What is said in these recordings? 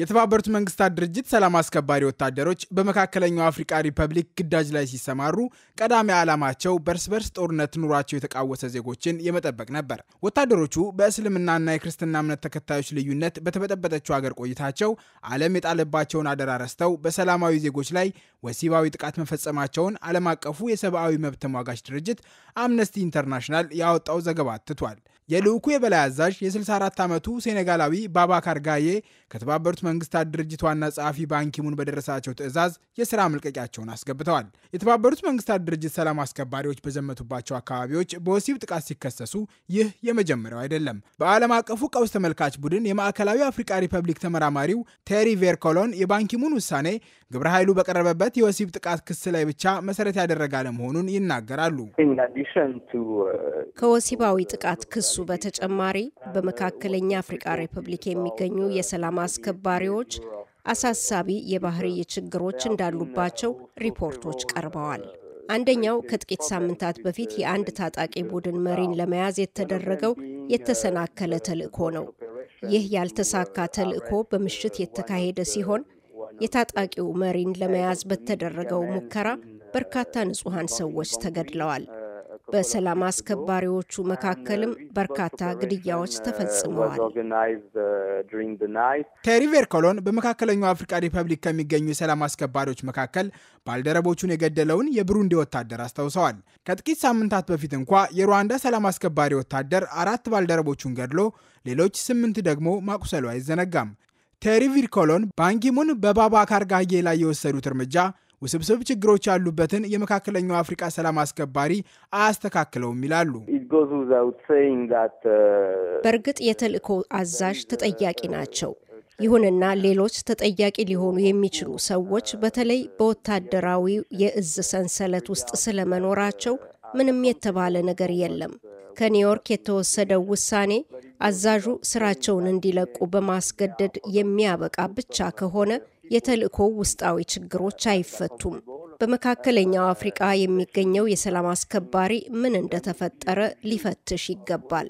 የተባበሩት መንግስታት ድርጅት ሰላም አስከባሪ ወታደሮች በመካከለኛው አፍሪቃ ሪፐብሊክ ግዳጅ ላይ ሲሰማሩ ቀዳሚ ዓላማቸው በርስ በርስ ጦርነት ኑሯቸው የተቃወሰ ዜጎችን የመጠበቅ ነበር። ወታደሮቹ በእስልምናና የክርስትና እምነት ተከታዮች ልዩነት በተበጠበጠችው አገር ቆይታቸው ዓለም የጣለባቸውን አደራ ረስተው በሰላማዊ ዜጎች ላይ ወሲባዊ ጥቃት መፈጸማቸውን ዓለም አቀፉ የሰብአዊ መብት ተሟጋች ድርጅት አምነስቲ ኢንተርናሽናል ያወጣው ዘገባ አትቷል። የልዑኩ የበላይ አዛዥ የ64 ዓመቱ ሴኔጋላዊ ባባካር ጋዬ ከተባበሩት መንግስታት ድርጅት ዋና ጸሐፊ ባንኪሙን በደረሳቸው ትዕዛዝ የስራ መልቀቂያቸውን አስገብተዋል። የተባበሩት መንግስታት ድርጅት ሰላም አስከባሪዎች በዘመቱባቸው አካባቢዎች በወሲብ ጥቃት ሲከሰሱ ይህ የመጀመሪያው አይደለም። በዓለም አቀፉ ቀውስ ተመልካች ቡድን የማዕከላዊ አፍሪካ ሪፐብሊክ ተመራማሪው ቴሪ ቬርኮሎን የባንኪሙን ውሳኔ ግብረ ኃይሉ በቀረበበት የወሲብ ጥቃት ክስ ላይ ብቻ መሰረት ያደረገ አለመሆኑን ይናገራሉ። ከወሲባዊ ጥቃት ክሱ በተጨማሪ በመካከለኛ አፍሪካ ሪፐብሊክ የሚገኙ የሰላም አስከባሪዎች አሳሳቢ የባህርይ ችግሮች እንዳሉባቸው ሪፖርቶች ቀርበዋል። አንደኛው ከጥቂት ሳምንታት በፊት የአንድ ታጣቂ ቡድን መሪን ለመያዝ የተደረገው የተሰናከለ ተልእኮ ነው። ይህ ያልተሳካ ተልእኮ በምሽት የተካሄደ ሲሆን የታጣቂው መሪን ለመያዝ በተደረገው ሙከራ በርካታ ንጹሐን ሰዎች ተገድለዋል። በሰላም አስከባሪዎቹ መካከልም በርካታ ግድያዎች ተፈጽመዋል። ኮሎን በመካከለኛው አፍሪካ ሪፐብሊክ ከሚገኙ የሰላም አስከባሪዎች መካከል ባልደረቦቹን የገደለውን የብሩንዲ ወታደር አስታውሰዋል። ከጥቂት ሳምንታት በፊት እንኳ የሩዋንዳ ሰላም አስከባሪ ወታደር አራት ባልደረቦቹን ገድሎ ሌሎች ስምንት ደግሞ ማቁሰሉ አይዘነጋም። ቴሪቪር ኮሎን ባንኪሙን በባባ ካርጋጌ ላይ የወሰዱት እርምጃ ውስብስብ ችግሮች ያሉበትን የመካከለኛው አፍሪቃ ሰላም አስከባሪ አያስተካክለውም ይላሉ። uh, በእርግጥ የተልእኮ አዛዥ ተጠያቂ ናቸው። ይሁንና ሌሎች ተጠያቂ ሊሆኑ የሚችሉ ሰዎች በተለይ በወታደራዊ የእዝ ሰንሰለት ውስጥ ስለመኖራቸው ምንም የተባለ ነገር የለም። ከኒውዮርክ የተወሰደው ውሳኔ አዛዡ ስራቸውን እንዲለቁ በማስገደድ የሚያበቃ ብቻ ከሆነ የተልእኮ ውስጣዊ ችግሮች አይፈቱም። በመካከለኛው አፍሪቃ የሚገኘው የሰላም አስከባሪ ምን እንደተፈጠረ ሊፈትሽ ይገባል።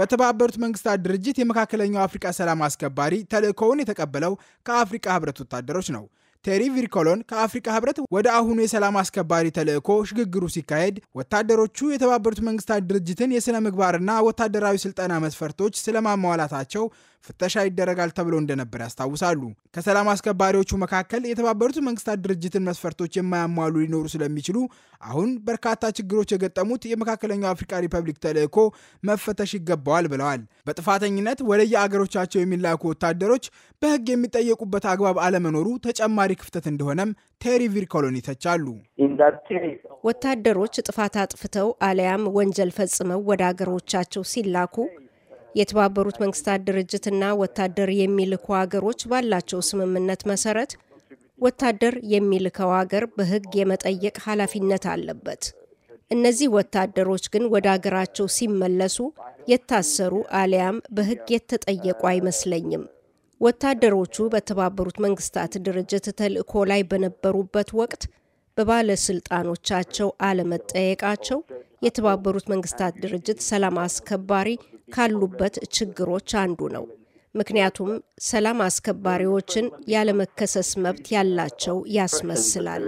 በተባበሩት መንግስታት ድርጅት የመካከለኛው አፍሪቃ ሰላም አስከባሪ ተልእኮውን የተቀበለው ከአፍሪቃ ህብረት ወታደሮች ነው። ቴሪ ቪርኮሎን ከአፍሪካ ህብረት ወደ አሁኑ የሰላም አስከባሪ ተልዕኮ ሽግግሩ ሲካሄድ ወታደሮቹ የተባበሩት መንግስታት ድርጅትን የሥነ ምግባርና ወታደራዊ ስልጠና መስፈርቶች ስለማሟላታቸው ፍተሻ ይደረጋል ተብሎ እንደነበር ያስታውሳሉ። ከሰላም አስከባሪዎቹ መካከል የተባበሩት መንግስታት ድርጅትን መስፈርቶች የማያሟሉ ሊኖሩ ስለሚችሉ አሁን በርካታ ችግሮች የገጠሙት የመካከለኛው አፍሪካ ሪፐብሊክ ተልእኮ መፈተሽ ይገባዋል ብለዋል። በጥፋተኝነት ወደየ አገሮቻቸው የሚላኩ ወታደሮች በህግ የሚጠየቁበት አግባብ አለመኖሩ ተጨማሪ ክፍተት እንደሆነም ቴሪ ኮሎኒ ተቻሉ። ወታደሮች ጥፋት አጥፍተው አለያም ወንጀል ፈጽመው ወደ አገሮቻቸው ሲላኩ የተባበሩት መንግስታት ድርጅትና ወታደር የሚልኩ ሀገሮች ባላቸው ስምምነት መሰረት ወታደር የሚልከው ሀገር በህግ የመጠየቅ ኃላፊነት አለበት። እነዚህ ወታደሮች ግን ወደ አገራቸው ሲመለሱ የታሰሩ አሊያም በህግ የተጠየቁ አይመስለኝም። ወታደሮቹ በተባበሩት መንግስታት ድርጅት ተልእኮ ላይ በነበሩበት ወቅት በባለስልጣኖቻቸው አለመጠየቃቸው የተባበሩት መንግስታት ድርጅት ሰላም አስከባሪ ካሉበት ችግሮች አንዱ ነው። ምክንያቱም ሰላም አስከባሪዎችን ያለመከሰስ መብት ያላቸው ያስመስላል።